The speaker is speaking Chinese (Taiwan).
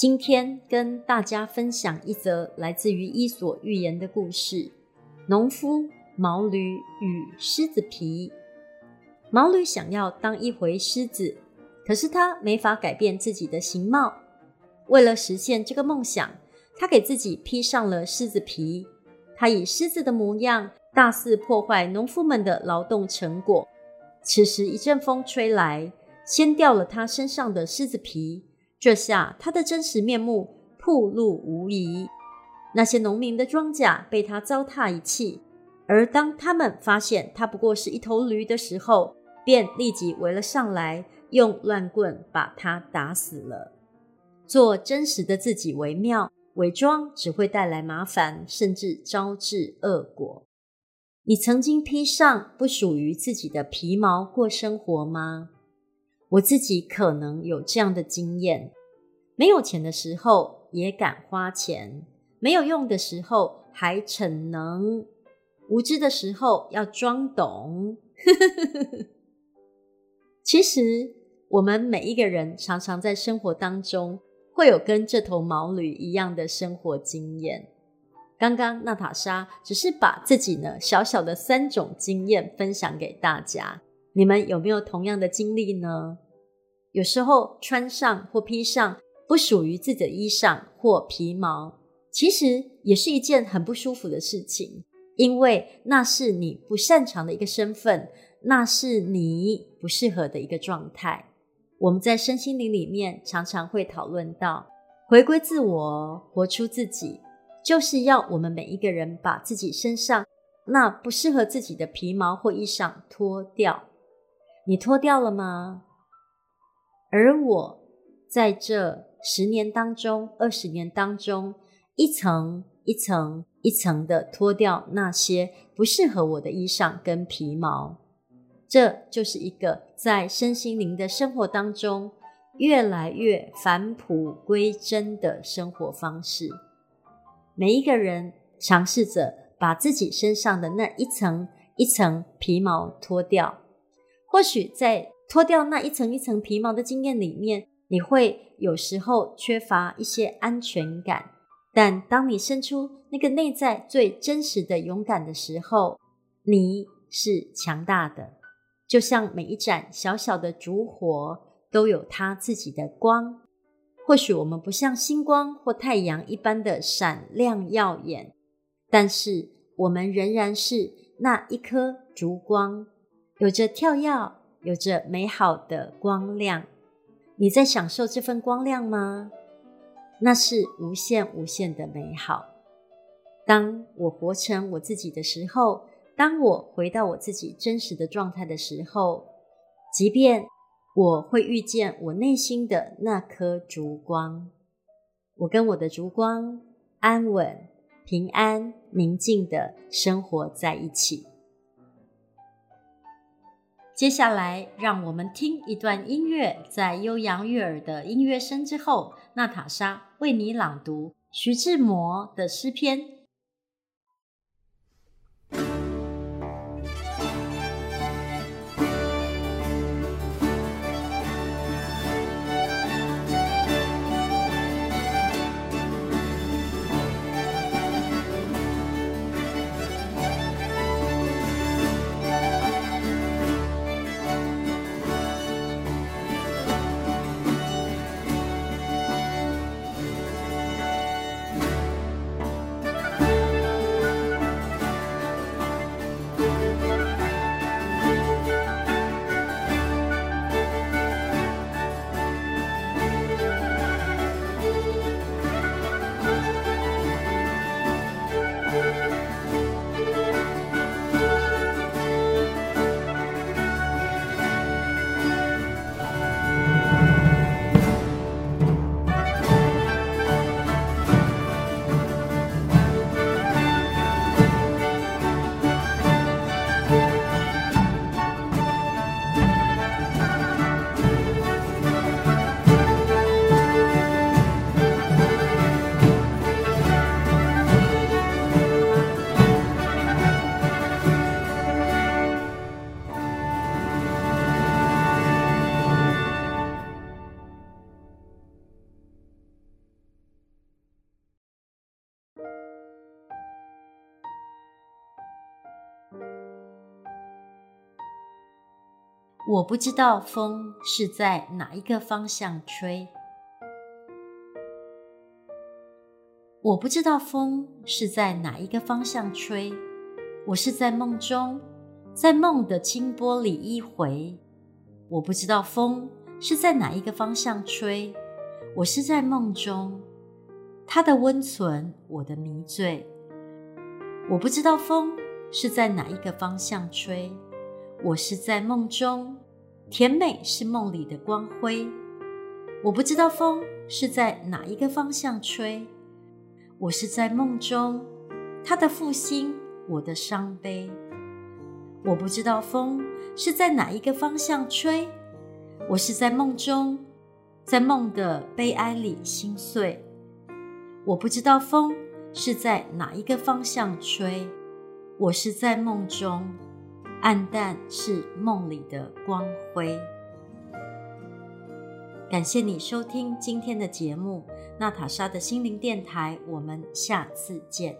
今天跟大家分享一則來自於《伊索寓言》的故事：農夫、毛驢與獅子皮。毛驢想要當一回獅子，可是他沒法改變自己的形貌。為了實現這個夢想，他給自己披上了獅子皮。他以獅子的模樣大肆破壞農夫們的勞動成果。此時，一陣風吹來，掀掉了他身上的獅子皮。這下，他的真實面目暴露無遺。那些農民的莊稼被他糟蹋一氣，而當他們發現他不過是一頭驢的時候，便立即圍了上來，用亂棍把他打死了。做真實的自己為妙，偽裝只會帶來麻煩，甚至招致惡果。你曾經披上不屬於自己的皮毛過生活嗎？我自己可能有這樣的經驗：沒有錢的時候也敢花錢，沒有用的時候還逞能，無知的時候要裝懂。 其實，我們每一個人常常在生活當中會有跟這頭毛驢一樣的生活經驗。剛剛娜塔莎只是把自己呢小小的三種經驗分享給大家。你們有沒有同樣的經歷呢？有時候穿上或披上不屬於自己的衣裳或皮毛，其實也是一件很不舒服的事情，因為那是你不擅長的一個身份，那是你不適合的一個狀態。我們在身心靈裡面常常會討論到回歸自我、活出自己，就是要我們每一個人把自己身上那不適合自己的皮毛或衣裳脫掉。你脫掉了嗎？而我在這十年當中、二十年當中，一層一層一層的脫掉那些不適合我的衣裳跟皮毛，這就是一個在身心靈的生活當中越來越返璞歸真的生活方式。每一個人嘗試着把自己身上的那一層一層皮毛脫掉。或許在脫掉那一層一層皮毛的經驗裡面，你會有時候缺乏一些安全感。但當你伸出那個內在最真實的勇敢的時候，你是強大的。就像每一盞小小的燭火都有它自己的光。或許我們不像星光或太陽一般的閃亮耀眼，但是我們仍然是那一顆燭光。有着跳躍，有着美好的光亮。你在享受這份光亮嗎？那是無限無限的美好。當我活成我自己的時候，當我回到我自己真實的狀態的時候，即便我會遇見我內心的那顆燭光，我跟我的燭光安穩、平安、寧靜地生活在一起。接下來，讓我們聽一段音樂，在悠揚悅耳的音樂聲之後，娜塔莎為你朗讀徐志摩的詩篇。我不知道風是在哪一個方向吹。 我不知道風是在哪一個方向吹。我是在夢中，在夢的清波裡依洄。我不知道風是在哪一個方向吹。我是在夢中，他的溫存，我的迷醉。我不知道風是在哪一個方向吹。我是在夢中。甜美是夢裡的光輝，我不知道風是在哪一個方向吹，我是在夢中，他的負心，我的傷悲。我不知道風是在哪一個方向吹，我是在夢中，在夢的悲哀裡心碎。我不知道風是在哪一個方向吹，我是在夢中。暗淡是夢裡的光輝。感謝你收聽今天的節目《娜塔莎的心靈電台》，我們下次見。